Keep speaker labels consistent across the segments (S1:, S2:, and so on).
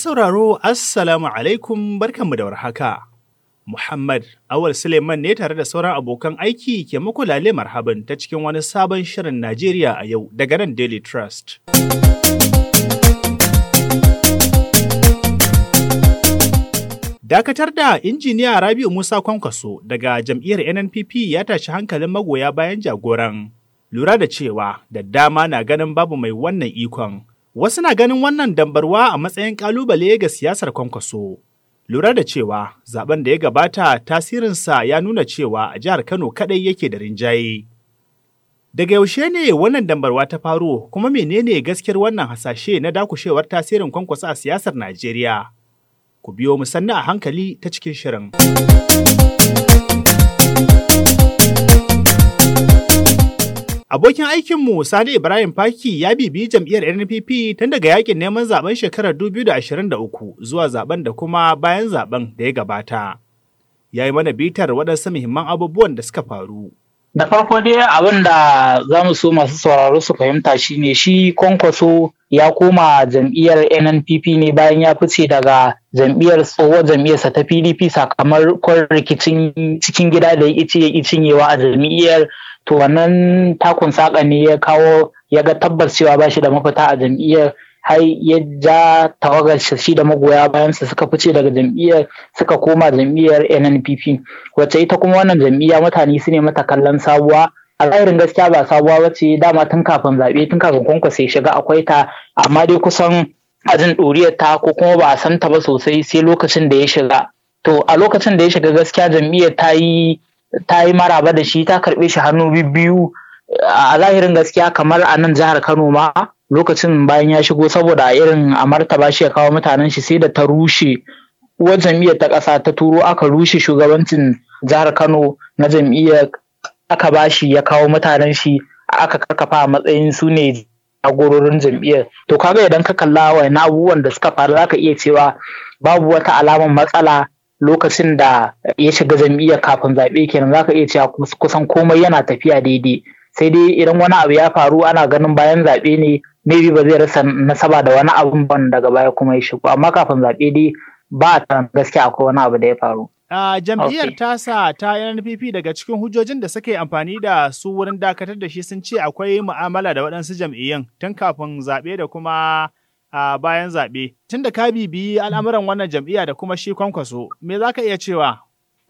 S1: sauraro, Assalamu alaikum barkan mu da warhaka. Muhammad Awal Suleiman ne tare da sauran abokan aiki ke muku lale marhaban ta cikin wani sabon shirin Najeriya a yau daga nan Daily Trust. Dakatar da injiniya Rabiu Musa Kwankwaso daga jam'iyyar NNPP ya tashi hankalin magoya bayan jagoran. Lura da cewa da dama na ganin babu mai wannan ikon Wasu na ganin wannan dambarwa a matsayin ƙalubale ga siyasar kwankwaso. Lura da cewa zaben da ya gabata tasirinsa ya nuna cewa a jihar Kano kaɗai yake da rinjaye. Daga yaushe ne wannan dambarwa ta faro kuma menene gaskiyar wannan hasashe na dakushewar tasirin kwankwaso a siyasar Najeriya? Ku biyo mu sannu a hankali ta cikin shirin. Abokin aikinmu Sani Ibrahim Faki ya bibi jam'iyyar NPP tun daga yakin neman zaben shekarar 2023 zuwa zaben da kuma bayan zaben da ya gabata. Ya yi mana bitar waɗansu muhimman abubuwan da suka faru.
S2: Da farko dai abin da za mu so masu sauraro su fahimta shi ne shi kwankwaso ya koma jam'iyyar NNPP ne bayan ya fice daga jam'iyyar tsohuwar jam'iyyarsa ta PDP sakamakon rikicin cikin gida da ya cinyewa a jam'iyyar to wannan takun saka ne ya kawo ya ga tabbas cewa ba shi da mafita a jam'iyyar har ya ja tawagar shi da magoya bayan su suka fice daga jam'iyyar suka koma jam'iyyar NNPP wacce ita kuma wannan jam'iyya mutane su ne mata kallon sabuwa a tsarin gaskiya ba sabuwa wacce dama tun kafin zaɓe tun kafin kwankwasa ya shiga akwai ta amma dai kusan ajin ɗoriyar ta ko kuma ba a san ta ba sosai sai lokacin da ya shiga to a lokacin da ya shiga gaskiya jam'iyyar ta yi ta yi maraba da shi ta karɓe shi hannu biyu a zahirin gaskiya kamar a nan jihar Kano ma lokacin bayan ya shigo saboda a irin a martaba shi ya kawo mutanen shi sai da ta rushe uwar jam'iyyar ta ƙasa ta turo aka rushe shugabancin jihar Kano na jam'iyyar aka bashi ya kawo mutanen shi aka karkafa a matsayin su ne jagororin jam'iyyar to kaga idan ka kalla wa abubuwan da suka faru zaka iya cewa babu wata alamar matsala lokacin da ya shiga jam'iyya kafin zaɓe kenan zaka iya cewa kusan komai yana tafiya daidai sai dai idan wani abu ya faru ana ganin bayan zaɓe ne maybe ba zai rasa nasaba da wani abun ban daga baya kuma ya shigo amma kafin zaɓe dai ba a gaskiya akwai wani abu da ya faru.
S1: Uh, jam'iyyar tasa ta NPP daga cikin hujjojin da suke amfani da su wurin dakatar da shi sun ce akwai mu'amala da waɗansu jam'iyyun tun kafin zaɓe da kuma a bayan zaɓe. Tun da ka bibiyi al'amuran wannan jam'iyya da kuma shi kwankwaso, me za ka iya cewa?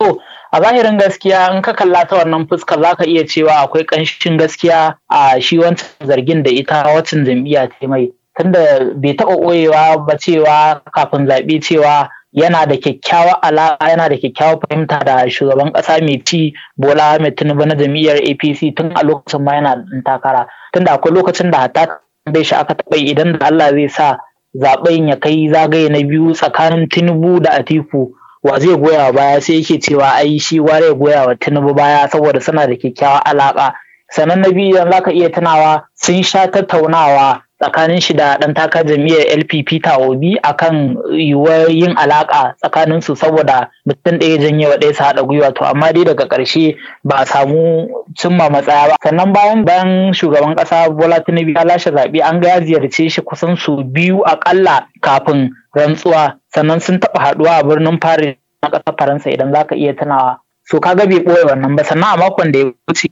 S2: To, a zahirin gaskiya in ka kalla ta wannan fuskar za ka iya cewa akwai ƙanshin gaskiya a shi wancan zargin da ita wancan jam'iyya ta mai. Tunda bai taɓa ɓoyewa ba cewa kafin zaɓe cewa yana da kyakkyawa alaƙa yana da kyakkyawa fahimta da shugaban ƙasa mai ci Bola Ahmed Tinubu na jam'iyyar APC tun a lokacin ma yana takara. Tunda akwai lokacin da hatta bai shi aka taɓa idan da Allah zai sa zaɓen ya kai zagaye na biyu tsakanin Tinubu da Atiku wa zai goya baya sai yake cewa ai shi ware goya wa Tinubu baya saboda suna da kyakkyawa alaƙa. Sannan na biyu idan zaka iya tunawa sun sha tattaunawa tsakanin shi da ɗan takar jam'iyyar LPP ta a akan yiwuwar yin alaƙa tsakanin su saboda mutum ɗaya janye wa ɗaya su haɗa gwiwa to amma dai daga ƙarshe ba a samu cimma matsaya ba sannan bayan bayan shugaban ƙasa Bola Tinubu ya lashe zaɓe an ga ya ziyarce shi kusan su biyu a aƙalla kafin rantsuwa sannan sun taɓa haɗuwa a birnin Paris na ƙasar Faransa idan za ka iya tunawa so ka ga bai ɓoye wannan ba sannan a makon da ya wuce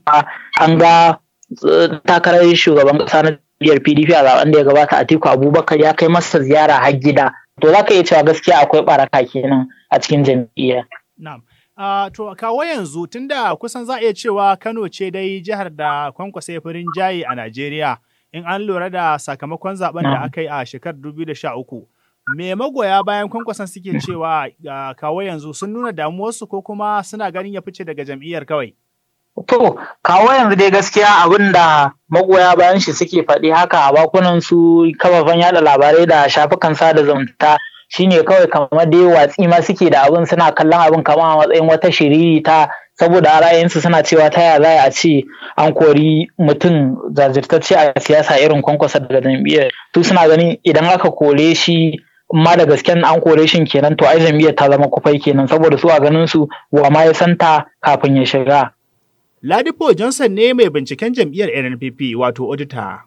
S2: an ga eh, takarar shugaban ƙasa na jam'iyyar pdp a zaben da ya gabata atiku abubakar ya kai masa ziyara har gida to za ka iya cewa gaskiya akwai baraka kenan a cikin jam'iyya.
S1: Na'am. a to kawo yanzu tunda kusan za a iya cewa Kano ce dai jihar da kwankwasa farin jayi a Najeriya in an lura da sakamakon zaben da aka yi a shekarar 2013. Me magoya bayan kwankwasan suke cewa uh, kawo yanzu sun nuna damuwarsu ko kuma suna ganin ya fice daga jam'iyyar kawai?
S2: To, kawo yanzu dai gaskiya abin da magoya bayan shi suke faɗi haka a bakunan su kafafen yaɗa labarai da shafukan sada zumunta shine kawai kamar dai watsi ma suke da abin suna kallon abin kamar a matsayin wata shiriri ta saboda ra'ayinsu suna cewa ta ya za a ce an kori mutum jajirtacce a siyasa irin kwankwasa daga jam'iyyar To suna ganin idan aka kore shi ma da gasken an kore shi kenan to ai jam'iyyar ta zama kufai kenan saboda su a ganin su wa ma ya santa kafin ya shiga Ladipo Johnson ne mai binciken jam'iyyar
S1: NNPP wato Odita,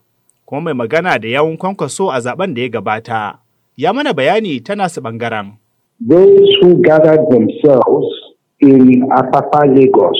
S1: kuma mai magana da yawun kwankwaso a zaben da ya gabata. Ya mana bayani ta nasu bangaren.
S3: Those who gathered themselves in Apapa Lagos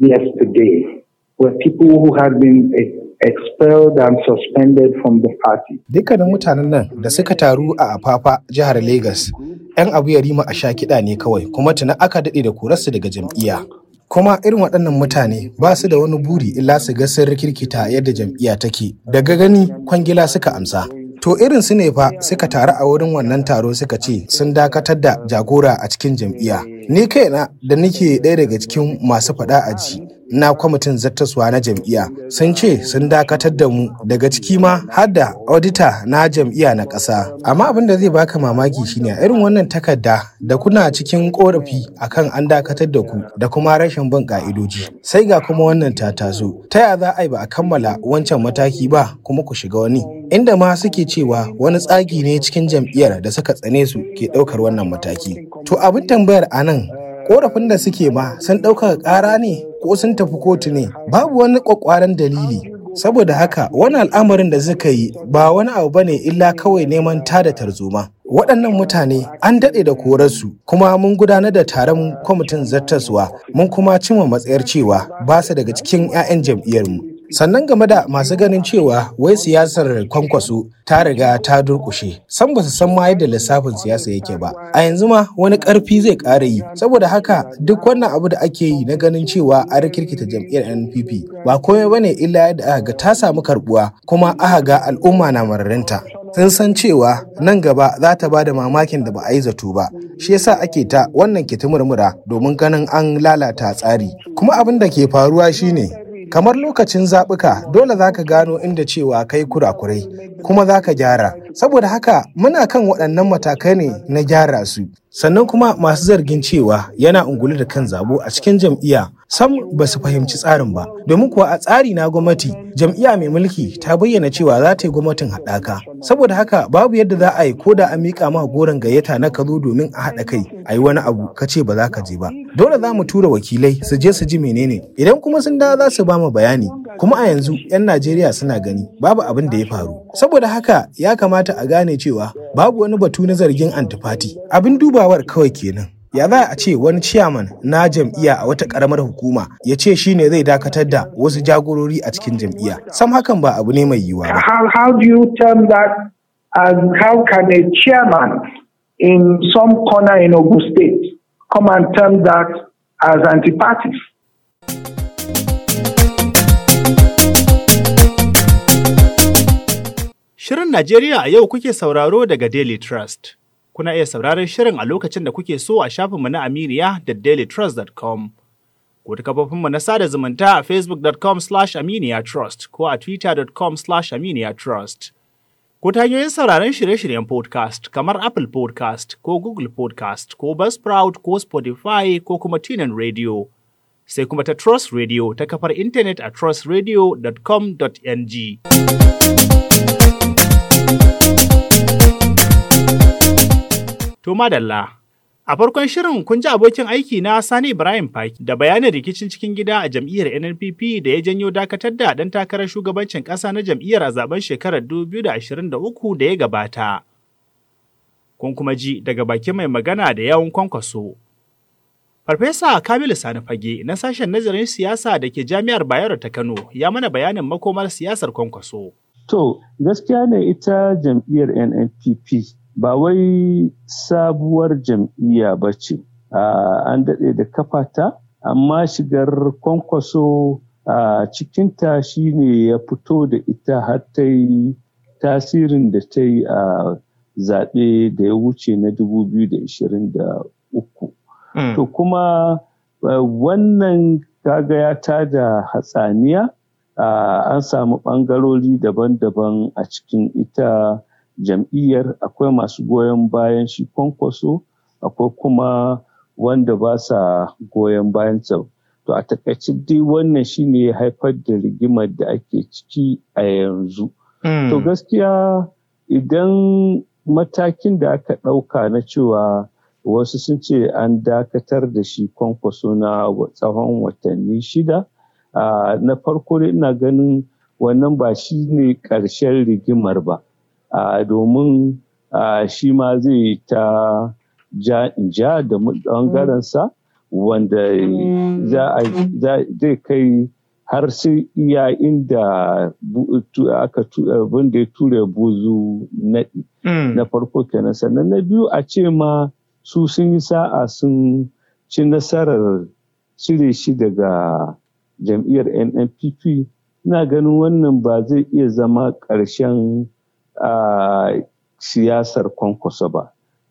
S3: yesterday were people who had been expelled and suspended from the party. Dukkanin mutanen nan da suka taru a Apapa, jihar Legas, 'yan abu ya rima a sha kiɗa ne kawai kuma tuna aka daɗe da korarsu daga jam'iyya. kuma irin waɗannan mutane ba su da wani buri illa su ga sun rikirkita yadda jam'iyya take daga gani kwangila suka amsa to irin su ne fa suka taru a wurin wannan taro suka ce sun dakatar da jagora a cikin jam'iyya ni kaina da nake ɗaya daga cikin masu faɗa a ji na kwamitin zattaswa na jam'iyya sun ce sun dakatar da mu daga ciki ma har da audita na jam'iyya na ƙasa amma abin da zai baka mamaki shine a irin wannan takarda da kuna cikin korafi akan an dakatar da ku da kuma rashin bin ƙa'idoji. sai ga kuma wannan ta taso ta ya za a yi ba a kammala wancan mataki ba kuma ku shiga wani inda ma suke cewa wani tsagi ne cikin jam'iyyar da suka tsane su ke ɗaukar wannan mataki to abin tambayar anan korafin da suke ma sun ɗaukar ƙara ne ko sun tafi kotu ne babu wani kwakwaran dalili saboda haka wani al'amarin da suka yi ba wani abu bane illa kawai neman tada tarzoma waɗannan mutane an daɗe da korarsu kuma mun gudanar da taron kwamitin zartaswa mun kuma cimma matsayar cewa ba su daga cikin 'ya'yan jam'iyyarmu sannan game da masu ganin cewa wai siyasar kwankwaso ta riga ta durkushe san ba su san ma yadda lissafin siyasa yake ba a yanzu ma wani karfi zai ƙara yi saboda haka duk wannan abu da ake yi na ganin cewa a rikirkita jam'iyyar npp ba komai bane illa yadda aka ga ta samu karbuwa kuma aka ga al'umma na mararinta sun san cewa nan gaba za ta ba da mamakin da ba a yi zato ba shi yasa ake ta wannan murmura domin ganin an lalata tsari kuma abin da ke faruwa shine kamar lokacin zaɓuka dole za ka gano inda cewa kai kurakurai kuma za ka gyara saboda haka muna kan waɗannan matakai ne na gyara su sannan kuma masu zargin cewa yana ungulu da kan zabo a cikin jam'iyya sam ba su fahimci tsarin ba domin kuwa a tsari na gwamnati jam'iyya mai mulki ta bayyana cewa za ta yi gwamnatin haɗaka saboda haka babu yadda za a yi ko da an miƙa maka goron gayyata na kazo domin a haɗa kai a yi wani abu ka ce ba za ka je ba dole za mu tura wakilai su je su ji menene idan kuma sun da za su ba mu bayani kuma a yanzu 'yan Najeriya suna gani babu abin da ya faru saboda haka ya kamata a gane cewa babu wani batu na zargin antifati abin duba gudumawar kawai kenan ya za a ce wani ciyaman na jam'iyya a wata karamar hukuma ya ce shi ne zai dakatar da wasu jagorori a cikin jam'iyya sam hakan ba abu ne mai yiwuwa ba how, do you a chairman in some corner in
S1: Shirin Najeriya a yau kuke sauraro daga Daily Trust. Kuna iya sauraron shirin a lokacin da kuke so a shafinmu na Aminiya da dailytrust.com. Ko ta kafofinmu na sada zumunta a facebook.com slash aminiyatrust ko a twitter.com slash aminiyatrust. Ko ta hanyoyin sauraron shirye-shiryen podcast kamar Apple podcast ko Google podcast ko Buzzsprout ko Spotify ko kuma TuneIn Radio. Sai kuma ta Trust Radio ta kafar intanet a trustradio.com.ng. To madalla, a farkon shirin kun ji abokin aiki na Sani Ibrahim Faki da bayanin rikicin cikin gida a jam'iyyar NNPP da ya janyo dakatar da ɗan takarar shugabancin ƙasa na jam'iyyar a zaben shekarar 2023 da ya gabata. Kun kuma ji daga bakin mai magana da yawun kwankwaso. Farfesa Kamilu Sani Fage na sashen nazarin siyasa da ke Jami'ar Bayero ta Kano ya mana bayanin makomar siyasar kwankwaso.
S4: To, gaskiya ne ita jam'iyyar NNPP ba wai sabuwar jam'iyya ba ce an daɗe da kafata amma shigar kwankwaso a shi ne ya fito da ita har ta yi tasirin da ta yi a zaɓe da ya wuce na 2023 mm. to kuma wannan kaga ya da hatsaniya an samu ɓangarori daban-daban a cikin ita jam'iyyar akwai masu goyon bayan shi kwankwaso akwai kuma wanda ba sa goyon bayan bayansa to a takaice dai wannan shine ya haifar da rigimar da ake ciki a yanzu hmm. to gaskiya idan matakin da aka ɗauka na cewa wasu sun ce an dakatar da shi kwankwaso na tsawon watanni shida na farko ina ganin wannan ba shi ne ƙarshen rigimar ba domin shi ma zai ta ja ja da ɓangarensa wanda zai kai har sai iya inda aka da ya ture buzu naɗi mm. na farko kenan sannan na biyu a ce ma su sun yi sa'a sun ci nasarar cire shi daga jam'iyyar nnpp na ganin wannan ba zai iya zama ƙarshen siyasar kwankwaso ba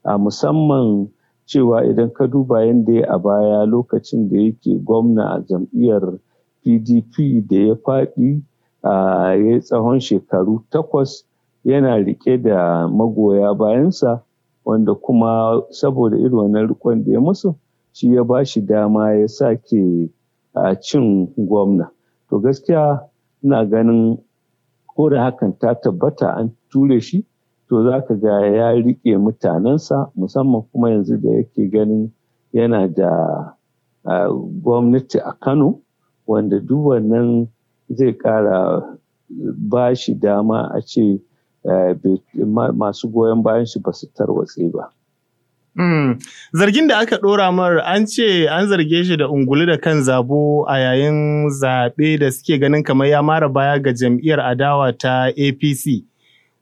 S4: a musamman cewa idan ka duba yadda ya a baya lokacin da yake gwamna a jam'iyyar pdp da ya faɗi ya yi tsawon shekaru takwas yana rike da magoya bayansa wanda kuma saboda irin wannan rikon da ya musu shi ya ba shi dama ya sake cin gwamna to gaskiya ina ganin ko da hakan ta tabbata an ture shi to za ka ga ya riƙe mutanensa musamman kuma yanzu da yake ganin yana da gwamnati a kano wanda duk wannan zai ƙara ba shi dama a ce eh, masu goyon bayan shi ba su tarwatse ba.
S1: Hmm. Zargin da aka ɗora mar an ce an zarge shi da ungulu da kan zabo a yayin zaɓe da suke ganin kamar ya mara baya ga jam'iyyar adawa ta APC.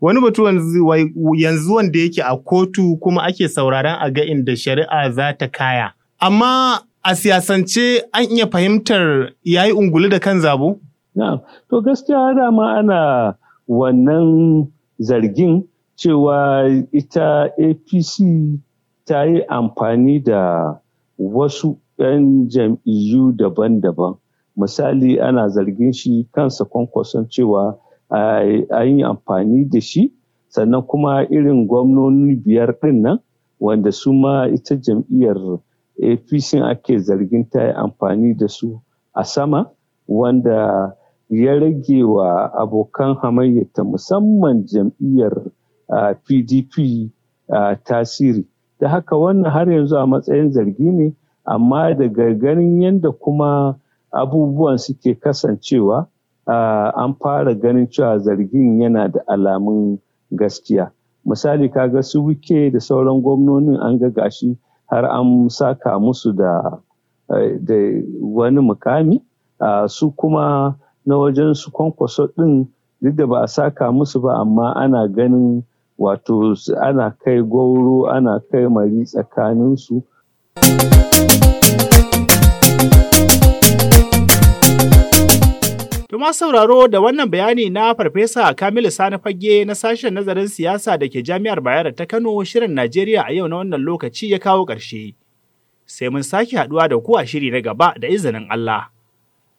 S1: Wani batu yanzu wanda yake a kotu kuma ake sauraron a ga inda shari'a za ta kaya. Amma a siyasance an iya
S4: fahimtar ya yi ungulu da kan zabo? Na'am, to gaskiya dama ana wannan zargin cewa ita APC ta yi amfani da wasu 'yan jam'iyyu daban-daban misali ana zargin shi kansa kwankwason cewa an yi amfani da shi sannan kuma irin gwamnoni biyar ɗin nan wanda su ma ita jam'iyyar apc ake zargin ta yi amfani da su a sama wanda ya rage wa abokan hamayyata musamman jam'iyyar pdp tasiri da haka wannan har yanzu a matsayin zargi ne amma daga ganin yadda kuma abubuwan suke kasancewa an fara ganin cewa zargin yana da alamun gaskiya misali kaga su wike da sauran gwamnonin an ga gashi har an saka musu da wani mukami su kuma na wajen su kwankwaso din duk da ba a saka musu ba amma ana ganin wato ana kai gwauro ana kai mari tsakaninsu
S1: Tuma sauraro da wannan bayani na Farfesa Kamilu Sani Fagge na sashen nazarin siyasa da ke Jami'ar Bayero ta Kano shirin Najeriya a yau na wannan lokaci ya kawo ƙarshe. Sai mun sake haɗuwa da ku a shiri na gaba da izinin Allah.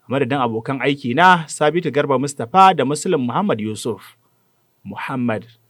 S1: Madadin abokan aiki na Sabitu Garba Mustapha da Muslim Muhammad Yusuf. Muhammad